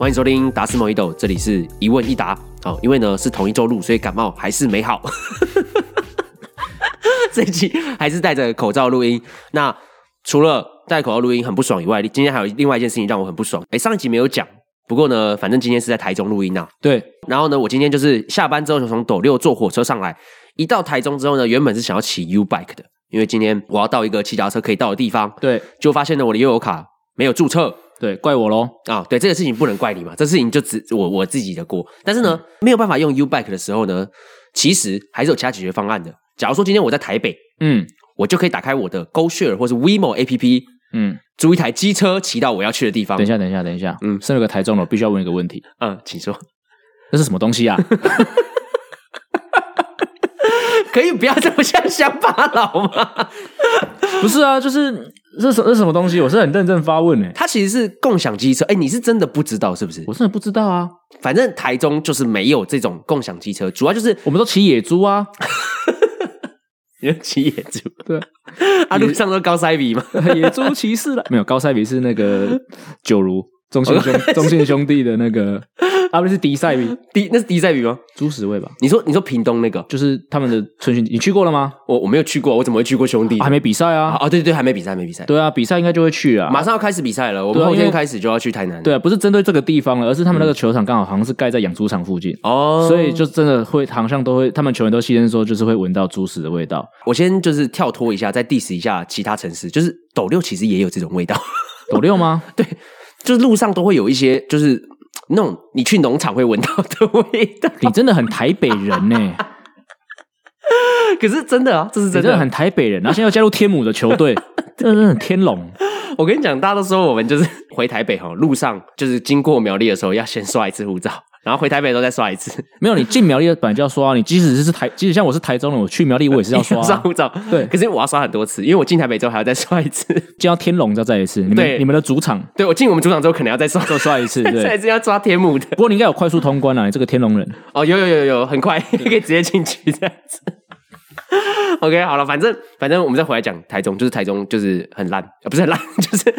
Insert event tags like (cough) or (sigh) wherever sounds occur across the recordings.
歡迎收聽達斯 MOJITO，這裡是疑問奕達。哦，因為呢是同一周錄，所以感冒還是沒好。 (laughs) 這一集還是戴着口罩錄音。那除了……戴口罩錄音很不爽以外，今天還有另外一件事情讓我很不爽。誒、欸、上一集沒有講，不過呢，反正今天是在台中錄音啊。對，然後呢，我今天就是下班之後從斗六坐火車上來，一到台中之後呢，原本是想要騎 U Bike 的，因為今天我要到一個騎腳踏車可以到的地方。對，就發現了我的悠遊卡沒有註冊。對，怪我嘍啊！對，這個事情不能怪你嘛，這事情就只我我自己的鍋。但是呢、嗯，沒有辦法用 U Bike 的時候呢，其實還是有其他解決方案的。假如說今天我在台北，嗯。我就可以打開我的 GoShare 或是 WeMo A P P，嗯，租一台機車騎到我要去的地方。等一下，等一下，等一下，嗯，身為一個台中人，我必須要問一個問題。嗯，請說，這是什麼東西啊？ (laughs) (laughs) 可以不要這麼像鄉巴佬嗎？ (laughs) 不是啊，就是這是什麼，這是什麼東西？我是很認真發問呢、欸，它其實是共享機車，哎、欸，你是真的不知道是不是？我真的不知道啊，反正台中就是沒有這種共享機車，主要就是我們都騎野豬啊。 (laughs) 騎野豬，對，阿路叫做高塞比嗎？野豬騎士啦，沒有，高塞比是那個九 (laughs) 如中信兄 (laughs) 中信兄弟的那個。 (laughs) 啊，不是，迪塞米，迪，那是迪塞米嗎？豬屎味吧？你說你說屏東那個，就是他們的春訓，你去過了嗎？我我沒有去過，我怎麼會去過？兄弟、啊、還沒比賽啊？啊，對對對，還沒比賽，沒比賽。對啊，比賽應該就會去啊，馬上要開始比賽了，我們後天開始就要去台南對、啊。對啊，不是針對這個地方了，而是他們那個球場剛好好像是蓋在養豬場附近哦、嗯，所以就真的會，好像都會，他們球員都戲稱說就是會聞到豬屎的味道。我先就是跳脫一下，再 diss 一下其他城市，就是斗六其實也有這種味道， (laughs) 斗六嗎？ (laughs) 對，就是路上都會有一些，就是。那種你去農場會聞到的味道，你真的很台北人呢、欸。 (laughs) 可是真的啊，這是真的，真的很台北人，啊。 (laughs) 現在要加入天母的球隊， (laughs) 真的是天龍。我跟你講，大多數時候我們就是回台北哈，路上就是經過苗栗的時候，要先刷一次護照。然後回台北都再刷一次。沒有，你進苗栗的本來就要刷，啊、你即使是台，即使像我是台中人，我去苗栗我也是要刷護、啊、 (laughs) 照。對，可是我要刷很多次，因為我進台北之後還要再刷一次，進到天龍就要再一次。對，你們，你們的主場，對，我進我們主場之後可能要再刷，再刷一次對，再一次要抓天母的。不過你應該有快速通關啊，這個天龍人。哦，有有有有，很快 (laughs) 可以直接進去這樣子。 (laughs) OK，好了，反正反正我們再回來講台中，就是台中就是很爛啊、呃，不是很爛，就是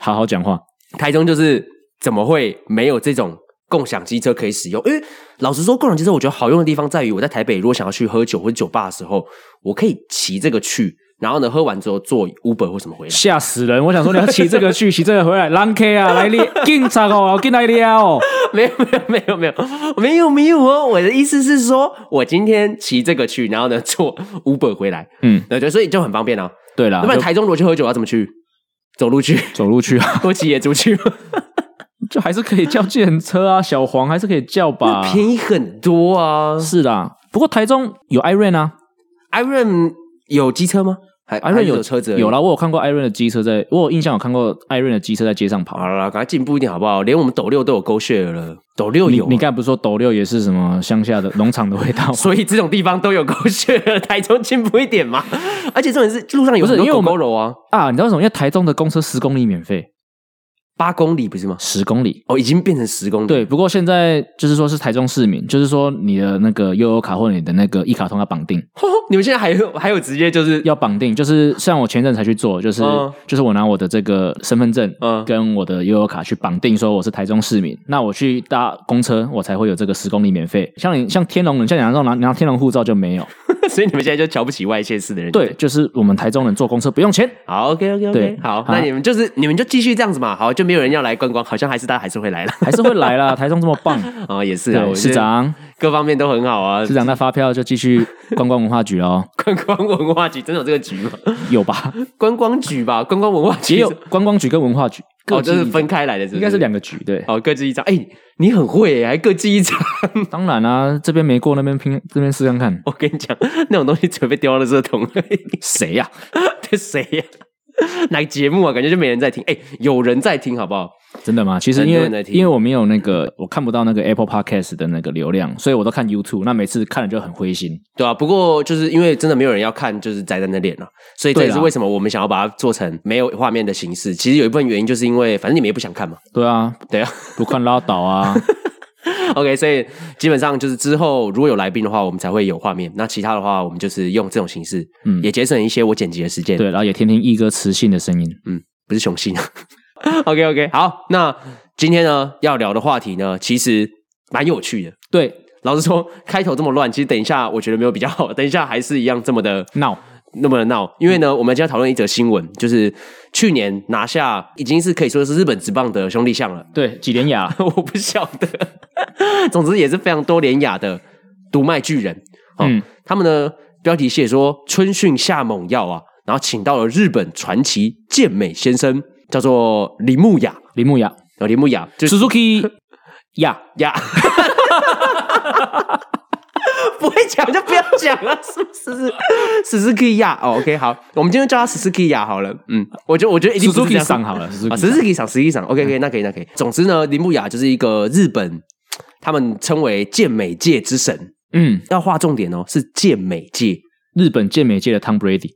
好好講話。台中就是怎麼會沒有這種。共享機車可以使用，因為老實說，共享機車我覺得好用的地方在於，我在台北如果想要去喝酒或者酒吧的時候，我可以騎這個去，然後呢，喝完之後坐 Uber 或什麼回來。嚇死人！我想說，你要騎這個去，騎 (laughs) 這個回來，攔 K 啊，來力 (laughs) 警察哦、喔，要 (laughs) 進來聊、喔。沒有，沒有，沒有，沒有，沒有，沒有哦。我的意思是說，我今天騎這個去，然後呢，坐 Uber 回來，嗯，那就所以就很方便哦、啊。對了，那不然台中我去喝酒要怎麼去？走路去？走路去啊？坐 (laughs) 騎野豬去？ (laughs) 就還是可以叫計程車啊， (laughs) 小黃還是可以叫吧？便宜很多啊。是的，不過台中有艾 i r 艾 n 有機車嗎？還艾瑞有車子，有啦，我有看過艾 n 的機車在，我有印象有看過艾 n 的機車在街上跑。好啦，趕快進步一點好不好？連我們斗六都有勾血了，斗六有、啊。你剛不是說斗六也是什麼鄉下的農場的味道 (laughs) 所以這種地方都有勾血了，台中進步一點嘛。 (laughs) 而且真人是路上有狗狗、啊、不是因為我們啊，你知道為什麼？因為台中的公車十公里免費。八公里不是嗎？十公里哦，已經變成十公里。對，不過現在就是說，是台中市民，就是說你的那個悠遊卡或者你的那個一卡通要綁定呵呵。你們現在還有還有直接就是要綁定，就是像我前陣才去做，就是、嗯、就是我拿我的這個身份證，嗯，跟我的悠遊卡去綁定，說我是台中市民，嗯、那我去搭公車我才會有這個十公里免費。像你像天龍人，像你那種拿拿天龍護照就沒有。 (laughs) 所以你們現在就瞧不起外縣市的人對？對，就是我們台中人坐公車不用錢。好，OK，OK，OK，okay, okay, 好、啊，那你們就是你們就繼續這樣子嘛。好，就沒有人要來觀光，好像還是大家還是會來了，還是會來了。 (laughs) 台中這麼棒啊、哦，也是，市長各方面都很好啊。市長那發票就繼續觀光文化局哦。 (laughs) 觀光文化局真有這個局嗎？有吧， (laughs) 觀光局吧，觀光文化局也有觀光局跟文化局。哦，這是分開來的是是，應該是兩個局對。哦，各自一張。哎、欸，你很會、欸，還各自一張。當然啦、啊，這邊沒過，那邊拼，這邊試看看。我、哦、跟你講，那種東西準備丟到垃圾桶，誰 (laughs) 呀誰、啊？這誰呀？ (laughs) 哪個節目啊？感覺就沒人在聽。哎、欸，有人在聽，好不好？真的嗎？其實因為人在聽，因為我沒有那個，我看不到那個 Apple Podcast 的那個流量，所以我都看 YouTube。那每次看了就很灰心，對啊，不過就是因為真的沒有人要看，就是宅在那臉了，所以這也是為什麼我們想要把它做成沒有畫面的形式、啊。其實有一部分原因就是因為反正你們也不想看嘛，對啊，對啊，不看拉倒啊。 (laughs) OK，所以基本上就是之後如果有來賓的話，我們才會有畫面。那其他的話，我們就是用這種形式，嗯，也節省一些我剪輯的時間。對，然後也聽聽奕哥磁性的聲音，嗯，不是雄性啊。 (laughs) OK，OK，okay, okay, 好，那今天呢要聊的話題呢，其實蠻有趣的。對，老實說，開頭這麼亂，其實等一下我覺得沒有比較好，等一下還是一樣這麼的鬧。No. 那麼鬧，因為呢，我們今天要討論一則新聞，就是去年拿下已經是可以說是日本職棒的兄弟象了。對，幾連亞、啊， (laughs) 我不曉得。總之也是非常多連亞的讀賣巨人。哦、嗯，他們呢標題寫說，春訓下猛藥啊，然後請到了日本傳奇健美先生，叫做鈴木雅，鈴木雅，呃、哦，鈴木雅，就是 Suzuki 哈哈 (laughs) (laughs) (laughs) 不會講就不要講了， (laughs) 是不是？史斯斯克亞哦，OK，好，我們今天叫他史斯斯克亞好了。嗯，我覺得我覺得一定史斯斯克上好了，史斯斯克上，哦、史斯斯克上，上，OK，OK，、okay, okay, 嗯、那可以，那可以。總之呢，鈴木雅就是一個日本，他們稱為健美界之神。嗯，要畫重點哦，是健美界，日本健美界的 Tom Brady。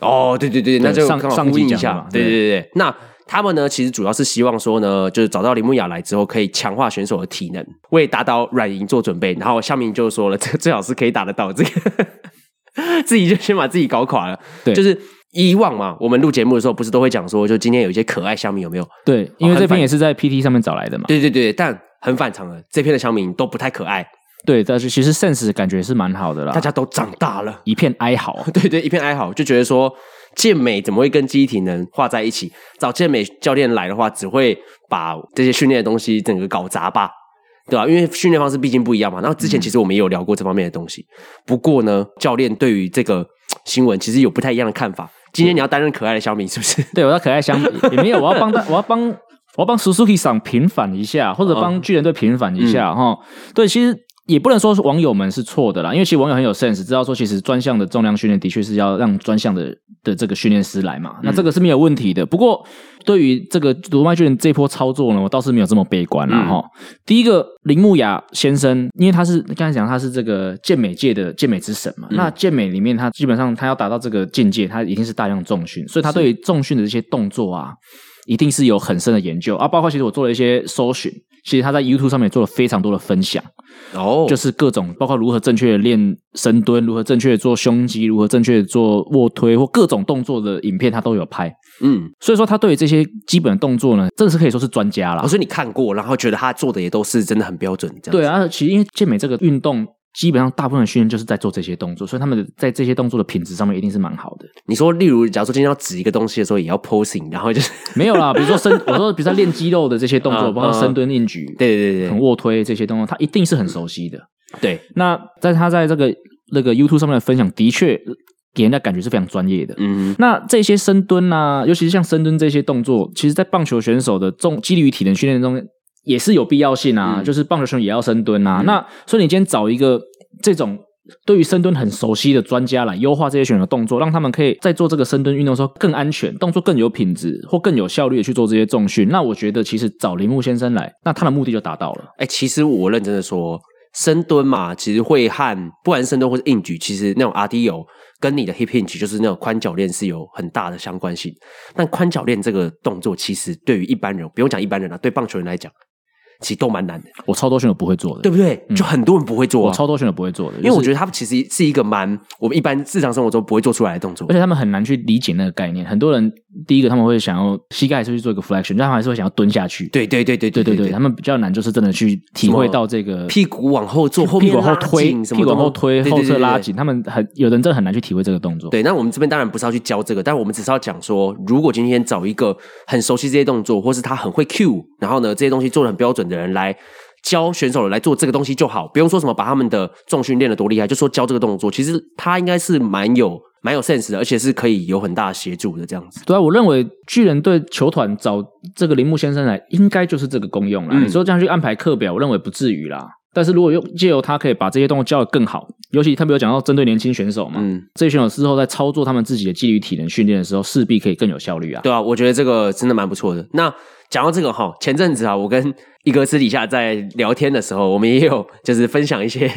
哦，對對對，對那就上上鏡一下嘛。嘛，對對對對，對對對那。他們呢，其實主要是希望說呢，就是找到鈴木雅來之後，可以強化選手的體能，為打倒軟銀做準備。然後鄉民就說了，這個最好是可以打得到，這個 (laughs) 自己就先把自己搞垮了。對，就是以往嘛。我們錄節目的時候，不是都會講說，就今天有一些可愛，鄉民有沒有？對，因為這篇也是在 PT 上面找來的嘛。哦、對，對對對，但很反常這篇的這片的鄉民都不太可愛。對，但是其實 sense 感覺是蠻好的啦。大家都長大了，一片哀嚎。 (laughs) 對對，一片哀嚎，就覺得說。健美怎麼會跟肌力體能畫在一起？找健美教練來的話，只會把這些訓練的東西整個搞砸吧，對吧、啊？因為訓練方式畢竟不一樣嘛。然後之前其實我們也有聊過這方面的東西。不過呢，教練對於這個新聞其實有不太一樣的看法。今天你要擔任可愛的小米是不是？對，對我要可愛的小米，也沒有，我要幫我要幫我要幫鈴木さん平反一下，或者幫巨人隊平反一下哈、嗯。對，其實。也不能說是網友們是錯的啦，因為其實網友很有 sense，知道說其實專項的重量訓練的確是要讓專項的的這個訓練師來嘛、嗯，那這個是沒有問題的。不過對於這個讀賣巨人這波操作呢，我倒是沒有這麼悲觀了哈、嗯。第一個鈴木雅先生，因為他是剛才講他是這個健美界的健美之神嘛、嗯，那健美裡面他基本上他要達到這個境界，他一定是大量重訓，所以他對於重訓的這些動作啊，一定是有很深的研究啊，包括其實我做了一些搜尋。其實他在 YouTube 上面也做了非常多的分享，哦，就是各種包括如何正確的練深蹲，如何正確的做胸肌，如何正確的做臥推或各種動作的影片，他都有拍。嗯，所以說他對於這些基本的動作呢，真的是可以說是專家了。所以你看過，然後覺得他做的也都是真的很標準，這樣子。對啊，其實因為健美這個運動。基本上大部分的訓練就是在做這些動作，所以他們在這些動作的品質上面一定是蠻好的。你說，例如，假如說今天要指一個東西的時候，也要 posing，然後就是沒有啦，比如說深， (laughs) 我說比如說練肌肉的這些動作，uh, uh, 包括深蹲硬、硬舉，對對對，很臥推這些動作，他一定是很熟悉的。嗯。對，那在他在這個那、這個 YouTube 上面的分享，的確給人家感覺是非常專業的。嗯，那這些深蹲啊，尤其是像深蹲這些動作，其實在棒球選手的重肌力與體能訓練中。也是有必要性啊，嗯、就是棒球選手也要深蹲啊。嗯、那所以你今天找一個這種對於深蹲很熟悉的專家來優化這些選手動作，讓他們可以在做這個深蹲運動的時候更安全，動作更有品質或更有效率的去做這些重訓。那我覺得其實找鈴木先生來，那他的目的就達到了。哎、欸，其實我認真的說，深蹲嘛，其實會和不然深蹲或者硬舉，其實那種阿迪有跟你的 hip hinge 就是那種髖鉸鏈是有很大的相關性。但髖鉸鏈這個動作，其實對於一般人不用講一般人了、啊，對棒球人來講。其實都蠻難的，我超多選手不會做的，對不對？嗯、就很多人不會做、啊，我超多選手不會做的、就是，因為我覺得他們其實是一個蠻我們一般日常生活中不會做出來的動作的，而且他們很難去理解那個概念。很多人第一個他們會想要膝蓋出去做一個 flexion，但他們還是會想要蹲下去。對對對對對對對，對對對對對，他們比較難就是真的去體會到這個屁股往後坐，後面往後推，屁股往後推，後側拉緊，他們很有的人真的很難去體會這個動作。對，那我們這邊當然不是要去教這個，但我們只是要講說，如果今天找一個很熟悉這些動作，或是他很會 cue，然後呢這些東西做的很標準。的人來教選手來做這個東西就好，不用說什麼把他們的重訓練得多厲害，就說教這個動作，其實他應該是蠻有蠻有 sense 的，而且是可以有很大的協助的這樣子。對啊，我認為巨人隊球團找這個鈴木先生來，應該就是這個功用啦。嗯、你說這樣去安排課表，我認為不至於啦。但是如果用借由他可以把這些動作教得更好。尤其他沒有講到針對年輕選手嘛，嗯，這些選手之後在操作他們自己的肌力體能訓練的時候，勢必可以更有效率啊。對啊，我覺得這個真的蠻不錯的。那講到這個哈、哦，前陣子啊、哦，我跟一哥私底下在聊天的時候，我們也有就是分享一些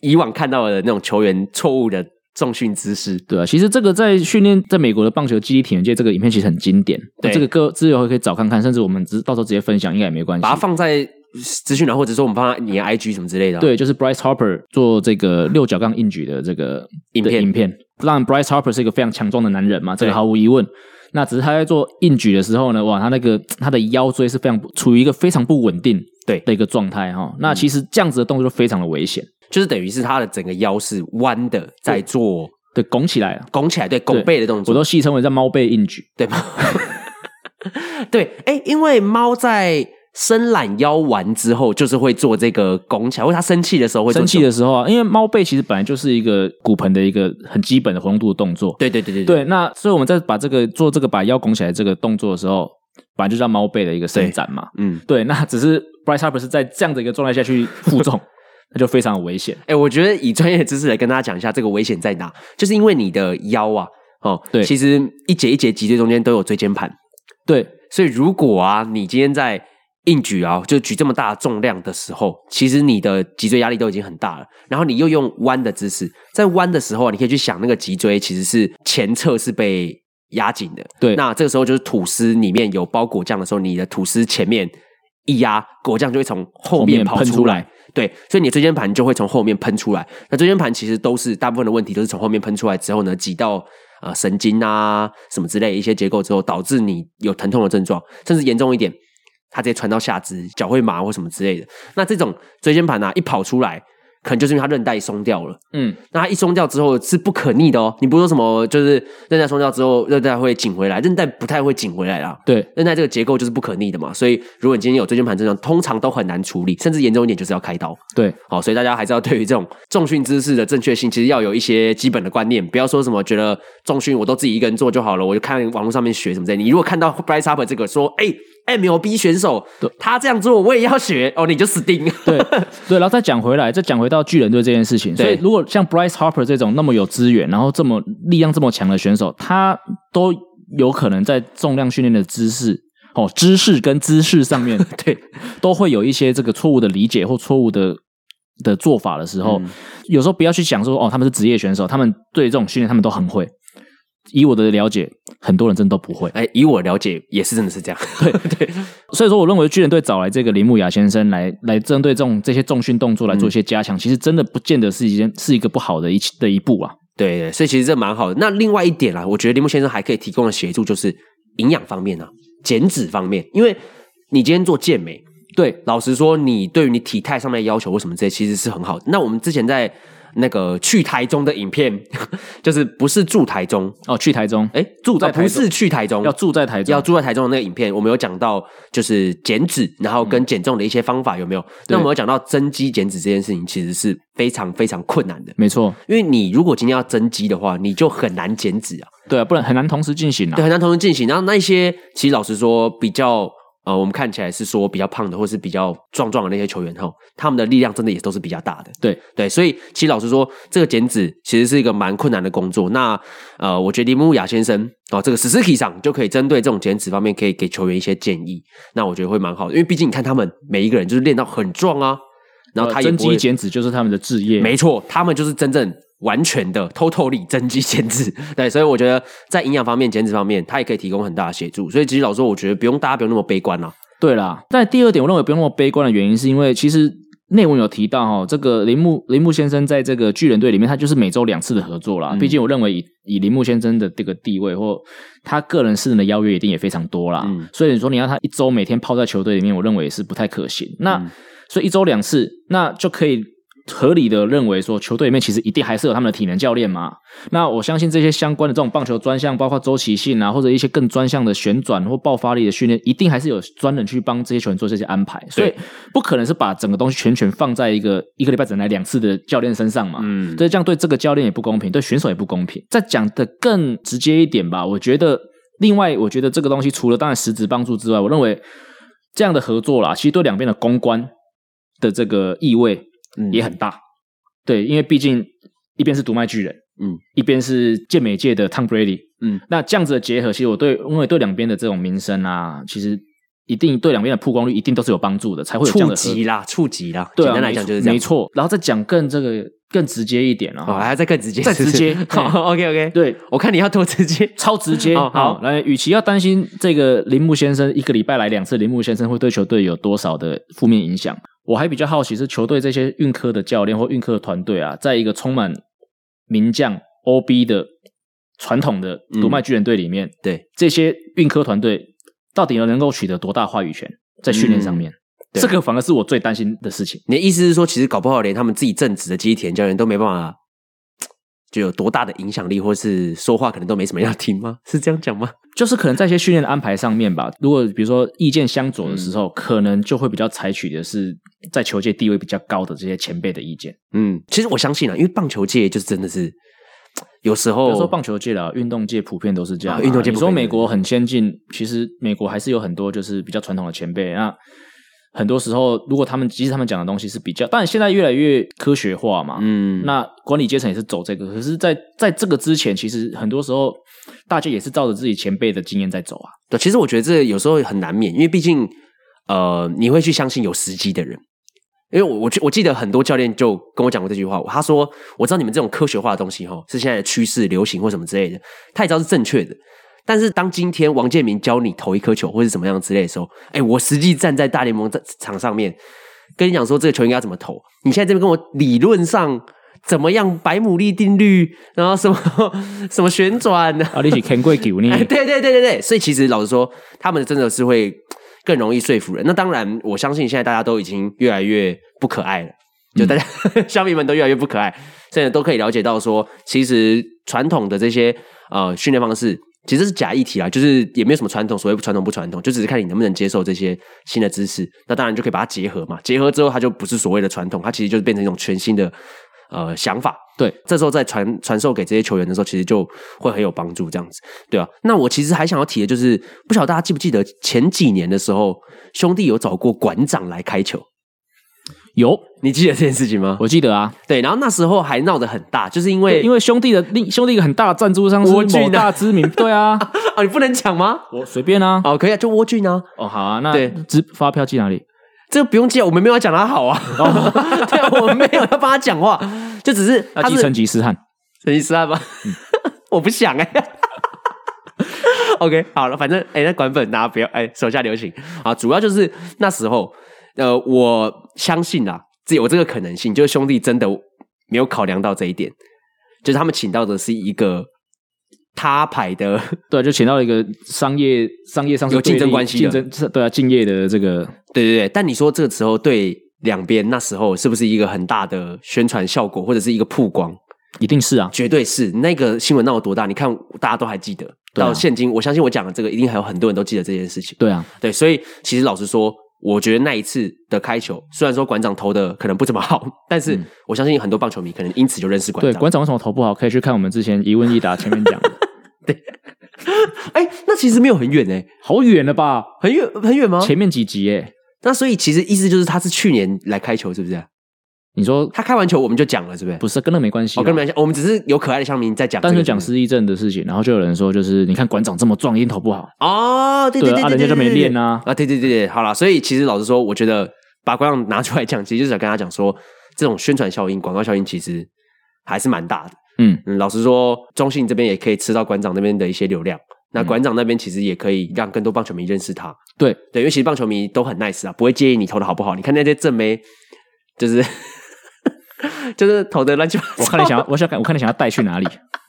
以往看到的那種球員錯誤的重訓姿勢。對啊，其實這個在訓練在美國的棒球肌力體能界這個影片其實很經典，對，這個歌自由可以找看看，甚至我們直到時候直接分享應該也沒關係，把它放在。資訊啊，或者說我們幫他連 IG 什麼之類的、嗯。對，就是 Bryce Harper 做這個六角槓硬舉的這個、嗯、的影片，影、嗯、片。讓 Bryce Harper 是一個非常強壯的男人嘛，這個毫無疑問。那只是他在做硬舉的時候呢，哇，他那個他的腰椎是非常處於一個非常不穩定對的一個狀態哈。那其實這樣子的動作就非常的危險、嗯，就是等於是他的整個腰是彎的，在做的拱起來了，拱起來，對，拱背的動作，我都戲稱為在貓背硬舉，對吧？ (laughs) 對，哎、欸，因為貓在。伸懶腰完之後，就是會做這個拱起來，或他生氣的時候會做生氣的時候啊，因為貓背其實本來就是一個骨盆的一個很基本的活動度的動作。對對對對對，對。那所以我們在把這個做這個把腰拱起來這個動作的時候，反正就叫貓背的一個伸展嘛。嗯，對。那只是 Bryce Harper 是在這樣的一個狀態下去負重， (laughs) 那就非常危險。哎、欸，我覺得以專業知識來跟大家講一下，這個危險在哪？就是因為你的腰啊，哦，對，其實一節一節脊椎中間都有椎間盤。對，所以如果啊，你今天在硬舉啊，就舉這麼大的重量的時候，其實你的脊椎壓力都已經很大了。然後你又用彎的姿勢，在彎的時候啊，你可以去想那個脊椎其實是前側是被壓緊的。對，那這個時候就是吐司裡面有包果醬的時候，你的吐司前面一壓，果醬就會從後面，跑出來，從後面噴出來。對，所以你的椎間盤就會從後面噴出來。那椎間盤其實都是大部分的問題都是從後面噴出來之後呢，擠到啊、呃、神經啊什麼之類的一些結構之後，導致你有疼痛的症狀，甚至嚴重一點。它直接傳到下肢，腳會麻或什麼之類的。那這種椎間盤呢，一跑出來，可能就是因為它韌帶鬆掉了。嗯，那它一鬆掉之後是不可逆的哦。你不說什麼，就是韌帶鬆掉之後，韌帶會緊回來，韌帶不太會緊回來啦。對，韌帶這個結構就是不可逆的嘛。所以，如果你今天有椎間盤症狀，通常都很難處理，甚至嚴重一點就是要開刀。對，好、哦，所以大家還是要對於這種重訓知識的正確性，其實要有一些基本的觀念，不要說什麼覺得重訓我都自己一個人做就好了，我就看網絡上面學什麼的。你如果看到 Bryce Upper 這個說，哎、欸。沒牛逼選手對，他這樣做我也要學哦，你就死定了。 (laughs) 對對，然後再講回來，再講回到巨人隊這件事情。所以，如果像 Bryce Harper 這種那麼有資源，然後這麼力量這麼強的選手，他都有可能在重量訓練的知識哦知識跟姿勢上面， (laughs) 對，都會有一些這個錯誤的理解或錯誤的的做法的時候，嗯，有時候不要去想說哦，他們是職業選手，他們對這種訓練他們都很會。以我的了解，很多人真的都不會。哎、欸，以我了解也是真的是這樣。 (laughs) 對，對，所以說我認為巨人隊找來這個鈴木雅先生來、嗯、來針對這種這些重訓動作來做一些加強，嗯、其實真的不見得是一件是一個不好的一的一步啊。對，所以其實這蠻好的。那另外一點啦，我覺得鈴木先生還可以提供的協助就是營養方面啊，減脂方面，因為你今天做健美，對，老實說，你對於你體態上面的要求為什麼這其實是很好。那我們之前在。那個去台中的影片，就是不是住台中哦，去台中。誒住在台中，哦，不是去台中，要住在台中，要住在台中的那個影片，我們有講到就是減脂，然後跟減重的一些方法有沒有、嗯。那我們有講到增肌減脂這件事情，其實是非常非常困難的，沒錯。因為你如果今天要增肌的話，你就很難減脂啊，對啊，不然很難同時進行啊，對啊，很難同時進行。然後那一些，其實老實說，比較。呃，我們看起來是說比較胖的，或是比較壯壯的那些球員哈，他們的力量真的也都是比較大的，對對，所以其實老實說，這個減脂其實是一個蠻困難的工作。那呃，我覺得鈴木雅先生哦、呃，這個實體上就可以針對這種減脂方面，可以給球員一些建議。那我覺得會蠻好的，因為畢竟你看他們每一個人就是練到很壯啊，然後他、呃、增肌減脂就是他們的職業、啊，沒錯，他們就是真正。完全的偷偷力增肌減脂，對，所以我覺得在營養方面、減脂方面，他也可以提供很大的協助。所以其實老實說，我覺得不用大家不用那麼悲觀啦、啊。對啦，但第二點，我認為不用那麼悲觀的原因，是因為其實內文有提到哈、哦，這個鈴木鈴木先生在這個巨人隊裡面，他就是每週兩次的合作啦。嗯、畢竟我認為以以鈴木先生的這個地位或他個人私人的邀約一定也非常多啦。嗯、所以你說你要他一週每天泡在球隊裡面，我認為也是不太可行。那、嗯、所以一週兩次，那就可以合理的認為說，球隊裡面其實一定還是有他們的體能教練嘛。那我相信這些相關的這種棒球專項，包括周期性啊，或者一些更專項的旋轉或爆發力的訓練，一定還是有專人去幫這些球員做這些安排。所以不可能是把整個東西全權放在一個一個禮拜只能來兩次的教練身上嘛。嗯，所以這樣對這個教練也不公平，對選手也不公平。再講的更直接一點吧，我覺得另外，我覺得這個東西除了當然實質幫助之外，我認為這樣的合作啦，其實對兩邊的公關的這個意味，也很大，嗯，對，因為畢竟一邊是讀賣巨人，嗯，一邊是健美界的湯姆布雷迪嗯，那這樣子的結合，其實我對，因為對兩邊的這種名聲啊，其實一定對兩邊的曝光率一定都是有幫助的，才會觸及啦，觸及啦。對啊，簡單來講就是這樣沒錯。然後再講更這個更直接一點、啊、哦，好，來再更直接，再直接。是是 OK OK，對我看你要多直接，超直接。哦、好、嗯，來，與其要擔心這個鈴木先生一個禮拜來兩次，鈴木先生會對球隊有多少的負面影響？我還比較好奇，是球隊這些運科的教練或運科的團隊啊，在一個充滿名將 OB 的傳統的讀賣巨人隊裡面，嗯、對這些運科團隊到底能夠取得多大話語權，在訓練上面、嗯對，這個反而是我最擔心的事情。你的意思是說，其實搞不好連他們自己正職的肌力體能教練都沒辦法。就有多大的影響力，或是說話可能都沒什麼要聽嗎？是這樣講嗎？就是可能在一些訓練的安排上面吧。如果比如說意見相左的時候，嗯、可能就會比較採取的是在球界地位比較高的這些前輩的意見。嗯，其實我相信啊，因為棒球界就是真的是有時候，比如說棒球界啦，運動界普遍都是這樣、啊哦。運動界普遍，比如說美國很先進，其實美國還是有很多就是比較傳統的前輩啊。那很多時候，如果他們即使他們講的東西是比較，但現在越來越科學化嘛，嗯，那管理階層也是走這個。可是在，在在這個之前，其實很多時候大家也是照着自己前輩的經驗在走啊。對，其實我覺得這有時候很難免，因為畢竟呃，你會去相信有時機的人，因為我我我記得很多教練就跟我講過這句話，他說我知道你們這種科學化的東西哈、哦、是現在的趨勢、流行或什麼之類的，他也知道是正確的。但是當今天王建民教你投一顆球或是怎麼樣之類的時候，哎，我實際站在大聯盟這場上面跟你講說這個球應該怎麼投，你現在這邊跟我理論上怎麼樣白努利定律，然後什麼什麼旋轉啊？你是坑鬼球呢？對對對對對，所以其實老實說，他們真的是會更容易說服人。那當然，我相信現在大家都已經越來越不可愛了，就大家球迷、嗯、 (laughs) 們都越來越不可愛，現在都可以了解到說，其實傳統的這些呃訓練方式。其實是假議題啦，就是也沒有什麼傳統，所謂傳統不傳統，就只是看你能不能接受這些新的知識。那當然就可以把它結合嘛，結合之後它就不是所謂的傳統，它其實就是變成一種全新的呃想法。對，這時候在傳傳授給這些球員的時候，其實就會很有幫助，這樣子，對啊，那我其實還想要提的就是，不曉得大家記不記得前幾年的時候，兄弟有找過館長來開球。有，你記得這件事情嗎？我記得啊，對，然後那時候還鬧得很大，就是因為因為兄弟的另兄弟一個很大的贊助商是某大知名、啊，對啊， (laughs) 啊，啊，你不能講嗎？我隨便啊，哦、oh，可以啊，就蝸苣呢，哦，好啊，那對，支發票寄哪裡？這個不用寄啊，我們沒有要講他好啊，哦、 (laughs) 對啊，我們沒有要幫他講話，就只是寄成吉思汗。成吉思汗吧，嗯、 (laughs) 我不想哎、欸、 (laughs) ，OK，好了，反正哎、欸，那管粉大家不要哎、欸、手下留情啊，主要就是那時候。呃，我相信啦、啊，只有這個可能性，就是兄弟真的沒有考量到這一點，就是他們請到的是一個他牌的，對、啊，就請到一個商業、商業上有競爭關係的，競爭對啊，敬業的這個，對對對。但你說這個時候對兩邊那時候是不是一個很大的宣傳效果，或者是一個曝光？一定是啊，絕對是。那個新聞鬧得多大？你看大家都還記得到現今、啊，我相信我講的這個一定還有很多人都記得這件事情。對啊，對，所以其實老實說。我覺得那一次的開球，雖然說館長投的可能不怎麼好，但是我相信很多棒球迷可能因此就認識館長，嗯。對，館長為什麼投不好，可以去看我們之前疑問奕達前面講的。 (laughs) 對，哎、 (laughs) 欸，那其實沒有很遠哎、欸，好遠了吧？很遠很遠嗎？前面幾集哎、欸，那所以其實意思就是他是去年來開球，是不是、啊？你說他開完球我們就講了，是不是？不是，跟那沒關係。我、哦、跟你們講，我們只是有可愛的鄉民在講，但是講失憶症的事情，然後就有人說，就是你看館長這麼壯，應該投不好哦。對對對，對，啊、人家就沒練啊。啊，對對對對，好了。所以其實老實說，我覺得把館長拿出來講，其實就是想跟他講說，這種宣傳效應、廣告效應其實還是蠻大的。嗯，嗯，老實說，中信這邊也可以吃到館長那邊的一些流量。嗯、那館長那邊其實也可以讓更多棒球迷認識他。對對，因為其實棒球迷都很 nice 啊，不會介意你投的好不好。你看那些正妹，就是。就是投的亂七八糟，我看你想要，我想看，我看你想要帶去哪裡？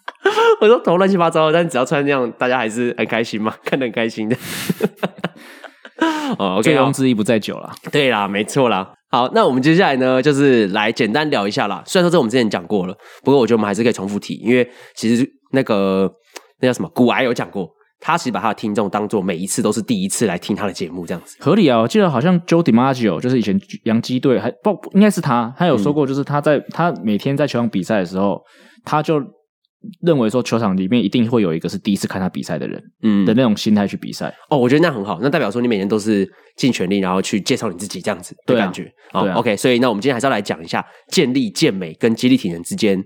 (laughs) 我說投亂七八糟，但只要穿這樣，大家還是很開心嘛，看得很開心的。 (laughs) oh, okay，哦，醉翁之意不在酒了，對啦，沒錯啦。好，那我們接下來呢，就是來簡單聊一下啦。雖然說這我們之前講過了，不過我覺得我們還是可以重複提，因為其實那個那叫什麼骨癌有講過。他其實把他的聽眾當做每一次都是第一次來聽他的節目這樣子，合理啊！我記得好像 Joe DiMaggio 就是以前洋基隊還不，不應該是他，他有說過，就是他在、嗯、他每天在球場比賽的時候，他就認為說球場裡面一定會有一個是第一次看他比賽的人，嗯，的那種心態去比賽。哦，我覺得那很好，那代表說你每天都是盡全力，然後去介紹你自己這樣子對、啊、的感覺。對,、啊哦對啊、，OK，所以那我們今天還是要來講一下健力健,健美跟肌力體能之間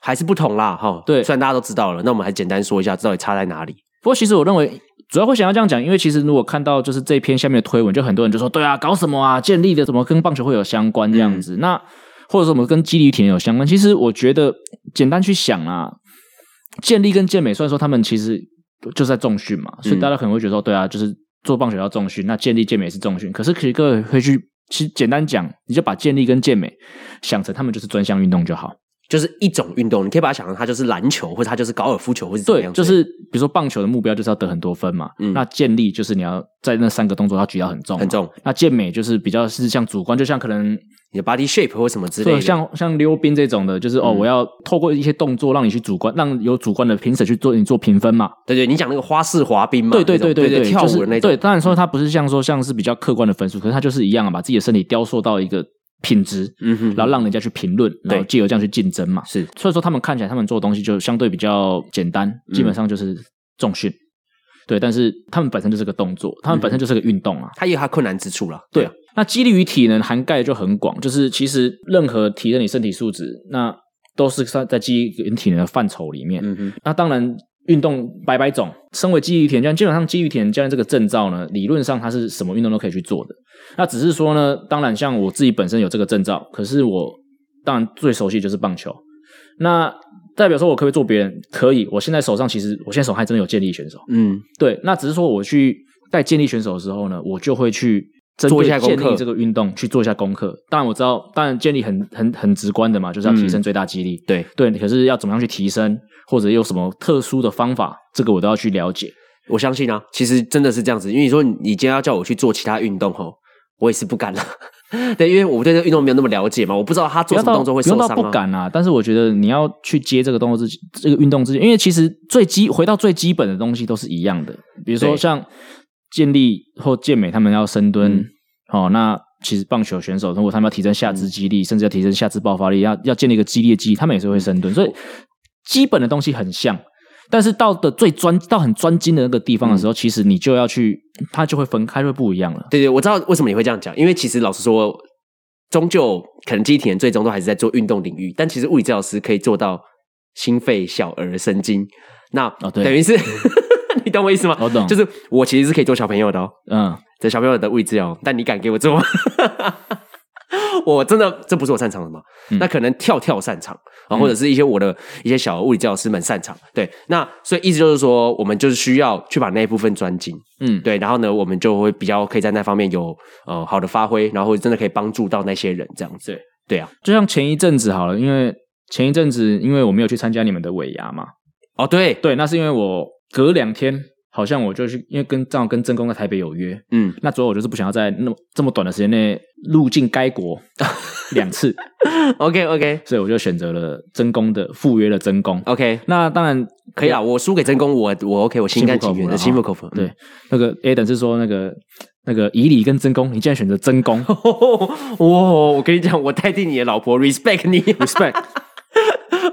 還是不同啦，哈、哦，對。雖然大家都知道了，那我們還簡單說一下到底差在哪裡。不過，其實我認為主要會想要這樣講，因為其實如果看到就是這篇下面的推文，就很多人就說：“對啊，搞什麼啊？健力的什麼跟棒球會有相關這樣子？”嗯、那或者說什麼跟肌力體驗有相關？其實我覺得簡單去想啊，健力跟健美雖然說他們其實就是在重訓嘛、嗯，所以大家可能會覺得說：“對啊，就是做棒球要重訓，那健力健美也是重訓。”可是可以各位會去其實簡單講，你就把健力跟健美想成他們就是專項運動就好。就是一種運動，你可以把它想成它就是籃球，或者它就是高爾夫球，或者怎樣。對，就是比如說棒球的目標就是要得很多分嘛。嗯，那健力就是你要在那三個動作它舉要舉到很重，很重。那健美就是比較是像主觀，就像可能你的 body shape 或什麼之類的。對，像像溜冰這種的，就是、嗯、哦，我要透過一些動作讓你去主觀，讓有主觀的評審去做你做評分嘛。對對，你講那個花式滑冰嘛。對對對對對,對,對,對、就是，跳舞的那種。對，當然說它不是像說像是比較客觀的分數，可是它就是一樣，把自己的身體雕塑到一個。品質、嗯哼，然後讓人家去評論，然後藉由這樣去競爭嘛。是，所以說他們看起來，他們做的東西就相對比較簡單、嗯，基本上就是重訓。對，但是他們本身就是個動作，他們本身就是個運動啊。它、嗯、他有它他困難之處啦。對啊，對那肌力與體能涵蓋就很廣，就是其實任何提升你身體素質，那都是在在肌力與體能的範疇裡面。嗯哼，那當然。運動百百種，身為肌力體能，基本上肌力體能教練這個證照呢，理論上它是什麼運動都可以去做的。那只是說呢，當然像我自己本身有這個證照，可是我當然最熟悉就是棒球。那代表說我可不可以做別人？可以。我現在手上其實我現在手上還真的有健力選手。嗯，對。那只是說我去帶健力選手的時候呢，我就會去，去做一下功課。這個運動去做一下功課。當然我知道，當然健力很很很直觀的嘛，就是要提升最大肌力、嗯。對對，可是要怎麼樣去提升？或者用什麼特殊的方法，這個我都要去了解。我相信啊，其實真的是這樣子。因為你說你今天要叫我去做其他運動吼，我也是不敢了。 (laughs) 對，因為我對這個運動沒有那麼了解嘛，我不知道他做什麼動作會受傷，啊，不，到不，到不敢啊。但是我覺得你要去接這個動作之這個運動之前，因為其實最基回到最基本的東西都是一樣的。比如說像健力或健美，他們要深蹲哦。那其實棒球選手，如果他們要提升下肢肌力，嗯，甚至要提升下肢爆發力，要要建立一個肌力的肌，他們也是會深蹲。所以。基本的東西很像，但是到的最專到很專精的那個地方的時候，嗯，其實你就要去，它就會分開，會不一樣了。對對，我知道為什麼你會這樣講，因為其實老實說，終究可能肌體能最終都還是在做運動領域，但其實物理治療師可以做到心肺、小兒、神經，那哦，對，等於是 (laughs) 你懂我意思嗎？我懂，就是我其實是可以做小朋友的哦，嗯，在小朋友的物理治療，但你敢給我做嗎？？ (laughs) 我真的，這不是我擅長的嗎？那可能跳跳擅長啊，嗯、或者是一些我的一些小物理教師們擅長，嗯。對，那所以意思就是說，我們就是需要去把那一部分專精，嗯，對。然後呢，我們就會比較可以在那方面有呃好的發揮，然後真的可以幫助到那些人這樣子對。對啊，就像前一陣子好了，因為前一陣子因為我沒有去參加你們的尾牙嘛。哦，對對，那是因為我隔兩天。好像我就去，因為跟正好跟真公在台北有約，嗯，那主要我就是不想要在那麼這麼短的時間內入境該國兩次 (laughs) ，OK OK，所以我就選擇了真公的赴約了真公，okay。o k 那當然可以啊，我輸給真公，我我 OK，我心甘情願的，心服口服，嗯，對，那個 Adam 是說那個那個以禮跟真公，你竟然選擇真公，喔，哇，我跟你講，我代替你的老婆，respect 你，respect，OK，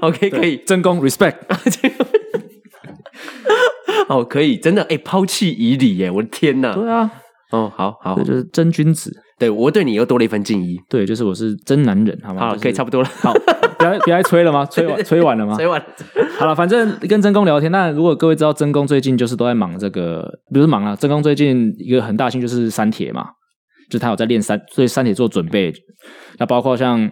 (laughs) okay, 可以，真公 respect。 (laughs) (laughs) 哦，可以，真的哎，拋棄以禮耶！我的天吶，對啊，哦，好好，就是真君子，對我對你又多了一份敬意，對，就是我是真男人，好嗎？好就是、可以差不多了，好， (laughs) 別別吹了嗎？吹 (laughs) 完，吹完了嗎？吹完了，好了，反正跟真公聊天，那如果各位知道真公最近就是都在忙這個，不是忙啊，真公最近一個很大興就是三鐵嘛，就是他有在練三所以三鐵做準備，那包括像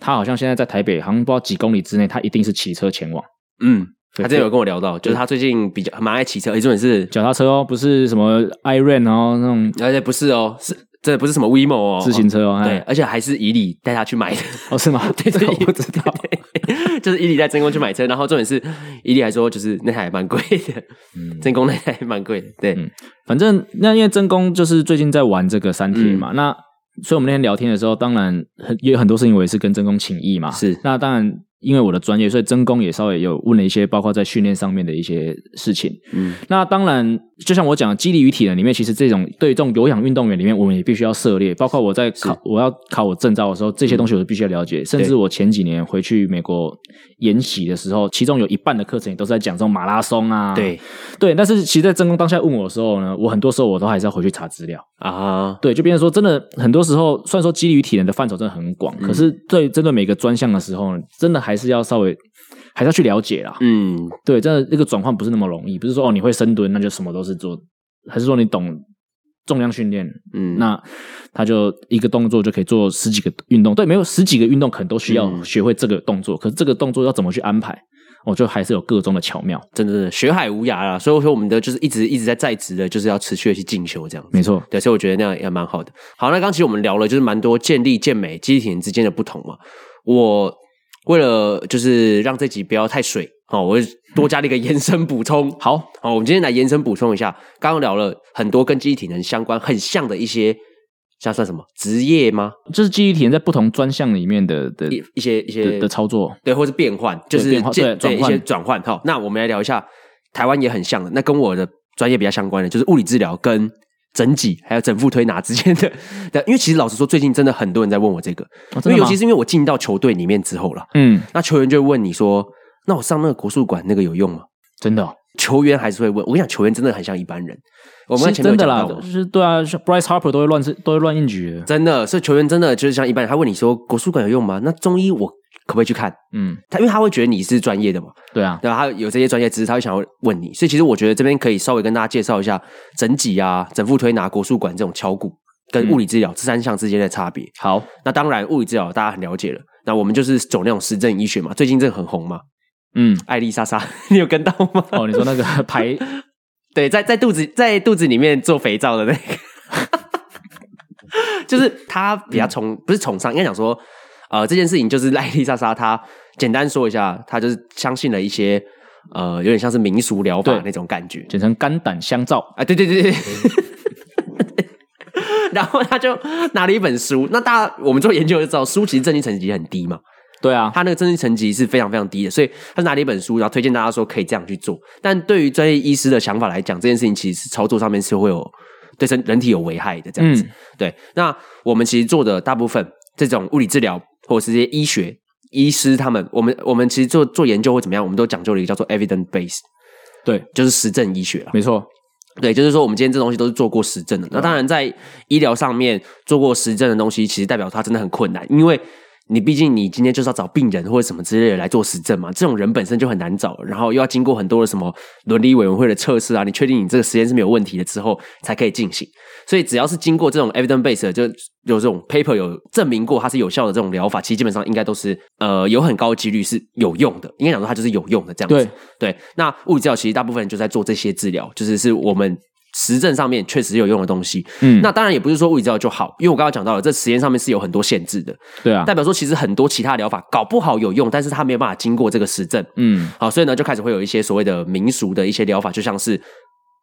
他好像現在在台北，好像不知道幾公里之內，他一定是騎車前往，嗯。對對對他之前有跟我聊到，就是他最近比較蠻愛騎車，哎，重點是腳踏車哦，不是什麼 iRent 然、哦、後那種，而且不是哦，是這不是什麼 WeMo 哦，自行車哦，哦對，而且還是以禮帶他去買的。哦，是嗎？對，這我不知道，對對對，就是以禮帶真工去買車， (laughs) 然後重點是以禮還說，就是那台還蠻貴的，嗯、真工那台還蠻貴的，對，嗯、反正那因為真工就是最近在玩這個三鐵嘛，嗯、那所以我們那天聊天的時候，當然很也有很多事情，我也是跟真工請益嘛，是，那當然。因為我的專業，所以真功也稍微有問了一些，包括在訓練上面的一些事情。嗯，那當然，就像我講的，肌力與體能裡面，其實這種對於這種有氧運動員裡面、嗯，我們也必須要涉獵。包括我在考我要考我證照的時候，這些東西我必須要了解、嗯。甚至我前幾年回去美國研習的時候，其中有一半的課程也都是在講這種馬拉松啊。對對，但是其實，在真功當下問我的時候呢，我很多時候我都還是要回去查資料啊。對，就變成說，真的很多時候，雖然說肌力與體能的範疇真的很廣，嗯、可是對針對每個專項的時候，真的。還是要稍微，還是要去了解啦。嗯，對，真的那個轉換不是那麼容易，不是說哦你會深蹲，那就什麼都是做，還是說你懂重量訓練，嗯，那他就一個動作就可以做十幾個運動，對，沒有十幾個運動可能都需要學會這個動作，嗯、可是這個動作要怎麼去安排，我、哦、就還是有各種的巧妙，真的是學海無涯啦。所以我覺得我們的就是一直一直在在職的，就是要持續的去進修這樣，沒錯，對，所以我覺得那樣也蠻好的。好，那剛其實我們聊了就是蠻多健力、健美、肌體之間的不同嘛，我。為了就是讓這集不要太水哦，我多加了一個延伸補充。嗯。好，好，我們今天來延伸補充一下，剛剛聊了很多跟肌力體能相關、很像的一些，像算什麼職業嗎？就是肌力體能在不同專項裡面的的一一些一些的，的操作，對，或者是變換，就是轉換轉換。好、哦，那我們來聊一下台灣也很像的，那跟我的專業比較相關的，就是物理治療跟。整脊還有整復推拿之間的，的因為其實老實說，最近真的很多人在問我這個、哦，因為尤其是因為我進到球隊裡面之後了，嗯，那球員就會問你說，那我上那個國術館那個有用嗎？真的、哦，球員還是會問。我跟你講，球員真的很像一般人，我們前面聊到的，就是對啊，Bryce Harper 都會亂，都會亂硬舉的真的，所以球員真的就是像一般人，他問你說國術館有用嗎？那中醫我。可不可以去看？嗯，他因為他會覺得你是專業的嘛，對啊，對吧？他有這些專業知識，他會想要問你。所以其實我覺得這邊可以稍微跟大家介紹一下整脊啊、整復推拿、國術館這種喬骨跟物理治療這、嗯、三項之間的差別。好，嗯、那當然物理治療大家很了解了。那我們就是走那種實證醫學嘛，最近這個很紅嘛。嗯，艾麗莎莎，你有跟到嗎？哦，你說那個排 (laughs) (laughs) 對，在在肚子在肚子裡面做肥皂的那個， (laughs) 就是他比較崇、嗯、不是崇尚，應該講說。呃，這件事情就是賴麗莎莎她，她簡單說一下，她就是相信了一些呃，有點像是民俗療法那種感覺，簡稱肝膽相照。哎、啊，對對對對。 (laughs) 然後他就拿了一本書，那大我們做研究就知道，書其實證據層級很低嘛。對啊，他那個證據層級是非常非常低的，所以他拿了一本書，然後推薦大家說可以這樣去做。但對於專業醫師的想法來講，這件事情其實操作上面是會有對人人體有危害的這樣子、嗯。對，那我們其實做的大部分這種物理治療。或者直接醫學醫師，他們我們我們其實做做研究會怎麼樣，我們都講究了一個叫做 evidence based，對，就是實證醫學了，沒錯，對，就是說我們今天這東西都是做過實證的。那、嗯、當然，在醫療上面做過實證的東西，其實代表它真的很困難，因為。你畢竟你今天就是要找病人或者什麼之類的來做實證嘛，這種人本身就很難找，然後又要經過很多的什麼倫理委員會的測試啊，你確定你這個實驗是沒有問題的之後才可以進行。所以只要是經過這種 evidence based 就有這種 paper 有證明過它是有效的這種療法，其實基本上應該都是呃有很高幾率是有用的，應該講說它就是有用的這樣子。對，對那物理治療其實大部分人就在做這些治療，就是是我們。實證上面確實有用的東西，嗯，那當然也不是說物理治療就好，因為我剛剛講到了，這實驗上面是有很多限制的，對啊，代表說其實很多其他療法搞不好有用，但是它沒有辦法經過這個實證，嗯，好，所以呢就開始會有一些所謂的民俗的一些療法，就像是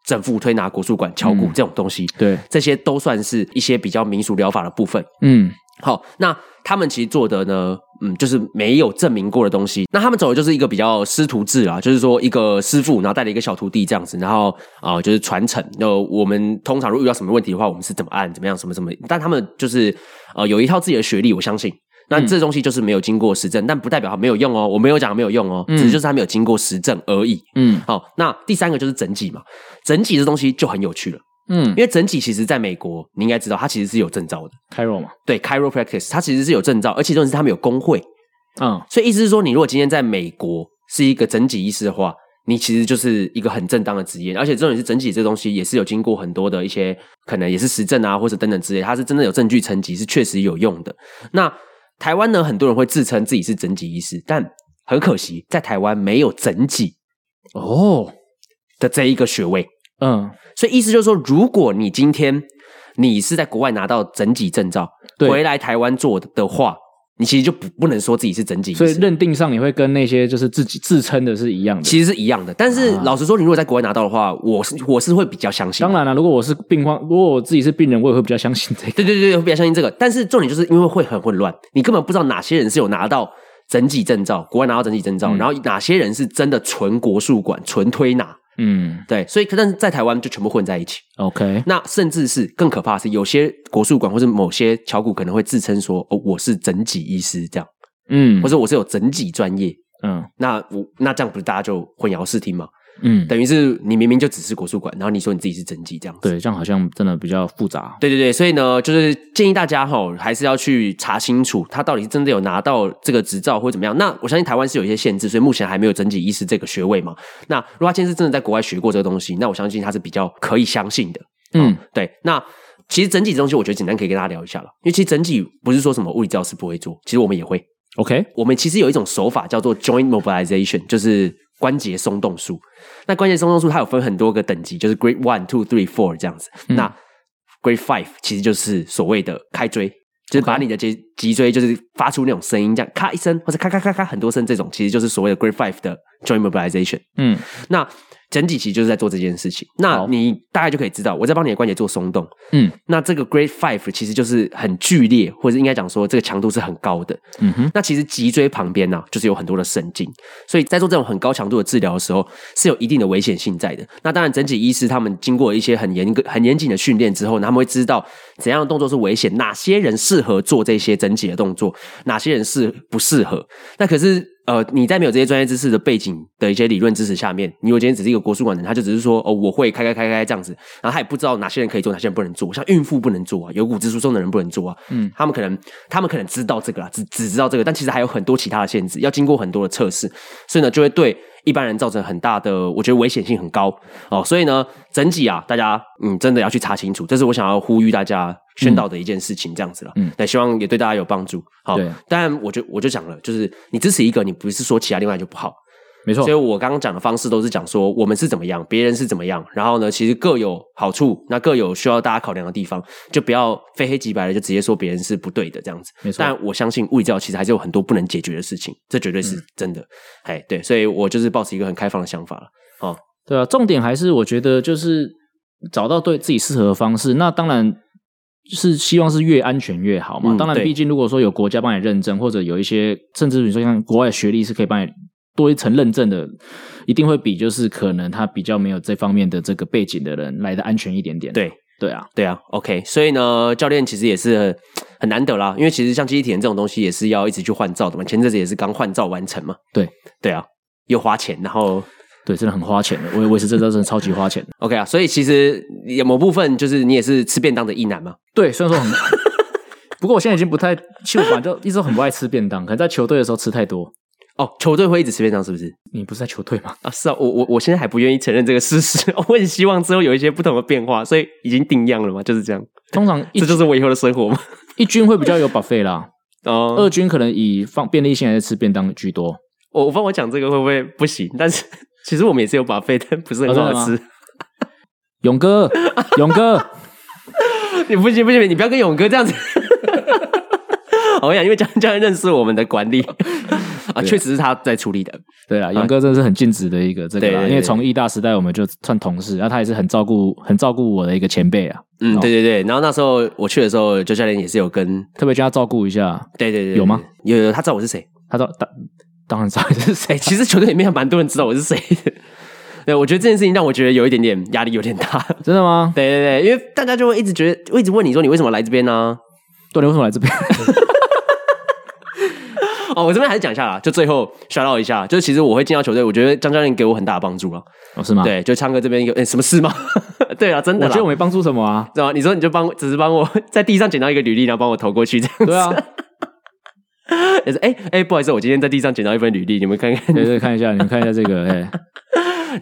整復推拿、國術館、喬骨、嗯、這種東西，對，這些都算是一些比較民俗療法的部分，嗯。好，那他們其實做的呢，嗯，就是沒有證明過的東西。那他們走的就是一個比較師徒制啊，就是說一個師傅，然後帶了一個小徒弟這樣子，然後啊、呃，就是傳承。那、呃、我們通常如果遇到什麼問題的話，我們是怎麼按怎麼樣什麼什麼，但他們就是呃有一套自己的學歷，我相信。那這東西就是沒有經過實證，嗯、但不代表它沒有用哦。我沒有講沒有用哦，嗯、只是就是它沒有經過實證而已。嗯，好，那第三個就是整脊嘛，整脊這東西就很有趣了。嗯，因為整脊其實在美國，你應該知道，它其實是有證照的 Chiro 嘛，Chiro。對，Chiropractic，e 它其實是有證照，而且重點是他們有工會，嗯，所以意思是說，你如果今天在美國是一個整脊醫師的話，你其實就是一個很正當的職業，而且重點是整脊這東西也是有經過很多的一些，可能也是實證啊，或者等等之類的，它是真的有證據層級是確實有用的。那台灣呢，很多人會自稱自己是整脊醫師，但很可惜，在台灣沒有整脊哦的這一個學位。嗯，所以意思就是說，如果你今天你是在國外拿到整脊證照，回來台灣做的話，你其實就不不能說自己是整脊。所以認定上你會跟那些就是自己自稱的是一樣的，其實是一樣的。但是老實說，你如果在國外拿到的話，啊、我是我是會比較相信。當然了，如果我是病患，如果我自己是病人，我也會比較相信這個。對對對，會比較相信這個。但是重點就是因為會很混亂，你根本不知道哪些人是有拿到整脊證照，國外拿到整脊證照、嗯，然後哪些人是真的純國術館、純推拿。嗯，對，所以但是，在台灣就全部混在一起。OK，那甚至是更可怕的是，有些國術館或者某些喬骨可能會自稱說：“哦，我是整脊醫師，這樣。”嗯，或者我是有整脊專業。嗯，那我那這樣不是大家就混淆視聽嗎？嗯，等於是你明明就只是國術館，然後你說你自己是整脊這樣子，對，這樣好像真的比較複雜。對對對，所以呢，就是建議大家吼、哦、還是要去查清楚他到底是真的有拿到這個執照，或怎麼樣。那我相信台灣是有一些限制，所以目前還沒有整脊醫師這個學位嘛。那如果他現在是真的在國外學過這個東西，那我相信他是比較可以相信的。哦、嗯，對。那其實整體東西，我覺得簡單可以跟大家聊一下了，因為其實整體不是說什麼物理治療師不會做，其實我們也會。OK，我們其實有一種手法叫做 Joint Mobilization，就是。關節鬆動術，那關節鬆動術它有分很多個等級，就是 Grade One、Two、Three、Four 這樣子。嗯、那 Grade Five 其實就是所謂的開椎，就是把你的椎脊椎就是發出那種聲音，這樣咔一聲，或者咔咔咔咔很多聲，這種其實就是所謂的 Grade Five 的。Joint mobilization，嗯，那整脊其實就是在做這件事情。那你大概就可以知道，我在幫你的關節做鬆動，嗯，那這個 Grade Five 其實就是很劇烈，或者是應該講說這個強度是很高的，嗯哼。那其實脊椎旁邊呢、啊，就是有很多的神經，所以在做這種很高強度的治療的時候，是有一定的危險性在的。那當然，整脊醫師他們經過了一些很嚴格、很嚴謹的訓練之後，他們會知道怎樣的動作是危險，哪些人適合做這些整脊的動作，哪些人是不適合。那可是。呃，你在沒有這些專業知識的背景的一些理論知識下面，你如果今天只是一個國術館的人，他就只是說哦，我會開開開開這樣子，然後他也不知道哪些人可以做，哪些人不能做，像孕婦不能做啊，有骨質疏鬆的人不能做啊，嗯，他們可能他們可能知道這個啦，只只知道這個，但其實還有很多其他的限制，要經過很多的測試，所以呢，就會對。一般人造成很大的，我覺得危險性很高哦，所以呢，整體啊，大家嗯，真的要去查清楚，這是我想要呼籲大家宣導的一件事情，嗯、這樣子了，嗯，那希望也對大家有幫助。好，當然，但我就我就講了，就是你支持一個，你不是說其他另外一個就不好。沒錯，所以我剛剛講的方式都是講說，我們是怎麼樣，別人是怎麼樣，然後呢，其實各有好處，那各有需要大家考量的地方，就不要非黑即白的，就直接說別人是不對的這樣子。沒錯，但我相信，物理教流其實還是有很多不能解決的事情，這絕對是真的。哎、嗯，對，所以我就是抱持一個很開放的想法了。好、哦，對啊，重點還是我覺得就是找到對自己適合的方式。那當然是希望是越安全越好嘛。嗯、當然，畢竟如果說有國家幫你認證，或者有一些，甚至比如說像國外的學歷是可以幫你。多一層認證的，一定會比就是可能他比較沒有這方面的這個背景的人來得安全一點點。對，對啊，對啊。OK，所以呢，教練其實也是很，很難得啦，因為其實像機器體驗這種東西也是要一直去換照的嘛，前陣子也是剛換照完成嘛。對，對啊，又花錢，然後對，真的很花錢的。我，以為是這招真的超級花錢的。 (laughs) OK 啊，所以其實有某部分就是你也是吃便當的意男嘛。對，雖然說很， (laughs) 不過我現在已經不太，就反正就一直很不愛吃便當，可能在球隊的時候吃太多。哦，球隊會一直吃便當是不是？你不是在球隊嗎？啊，是啊，我我我現在還不願意承認這個事實，我很希望之後有一些不同的變化，所以已經定樣了嘛，就是這樣。通常這就是我以後的生活嘛。一軍會比較有 buffet 啦， (laughs) 哦，二軍可能以放便利性還是吃便當居多。我幫我講這個會不會不行？但是其實我們也是有 buffet 的，但不是很好吃。啊、 (laughs) 勇哥，勇哥， (laughs) 你不行不行，你不要跟勇哥這樣子。我跟你講，因為這樣，這樣認識我們的管理。 (laughs) 啊，啊，確實是他在處理的。對啊，楊、啊、哥真的是很盡職的一個這個對對對對，因為從義大時代我們就算同事，然後他也是很照顧、很照顧我的一個前輩啊。嗯，對對對。哦、然後那時候我去的時候，周教練也是有跟特別叫他照顧一下。對對對，對，有嗎？有有，他知道我是誰。他知道當然當然知道我是誰。 (laughs) 其實球隊裡面有蠻多人知道我是誰的。 (laughs) 對，我覺得這件事情讓我覺得有一點點壓力，有點大。真的嗎？對對對，因為大家就會一直覺得，一直問你說你為什麼來這邊呢、啊？對你為什麼來這邊？ (laughs) 哦，我這邊還是講一下啦，就最後 shout out 一下。就其實我會進到球隊，我覺得江教練給我很大的幫助了、哦，是嗎？對，就江哥這邊一個，哎、欸，什麼事嗎？ (laughs) 對啊，真的，我覺得我沒幫助什麼啊，知啊你說你就幫，只是幫我在地上撿到一個履歷，然後幫我投過去這樣子。對啊，也 (laughs) 是、欸，哎、欸、哎，不好意思，我今天在地上撿到一份履歷，你們看看，就是看一下， (laughs) 你們看一下這個，誒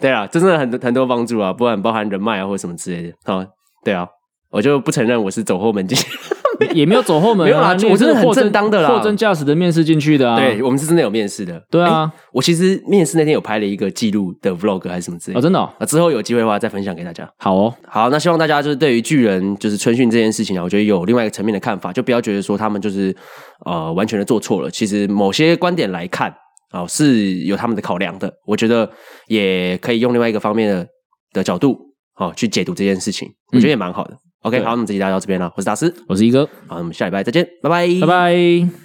(laughs) 對啊，真的很多很多幫助啊，不管包含人脈啊或什麼之類的。好，對啊，我就不承認我是走後門進。 (laughs) (laughs) 也沒有走後門、啊，沒有啦，我真的很正當的啦，貨真價實的面試進去的啊。對，我們是真的有面試的。對啊，我其實面試那天有拍了一個記錄的 vlog 還是什麼之類的哦，真的啊、哦。之後有機會的話再分享給大家。好哦，好，那希望大家就是對於巨人就是春訓這件事情啊，我覺得有另外一個層面的看法，就不要覺得說他們就是呃完全的做錯了。其實某些觀點來看啊、呃，是有他們的考量。的我覺得也可以用另外一個方面的的角度好、呃、去解讀這件事情，我覺得也蠻好的。嗯 OK，好，那麼這期大家到這邊了。我是達斯，我是奕哥。好，我們下禮拜再見，拜拜，拜 (noise) 拜。Bye bye. Bye bye.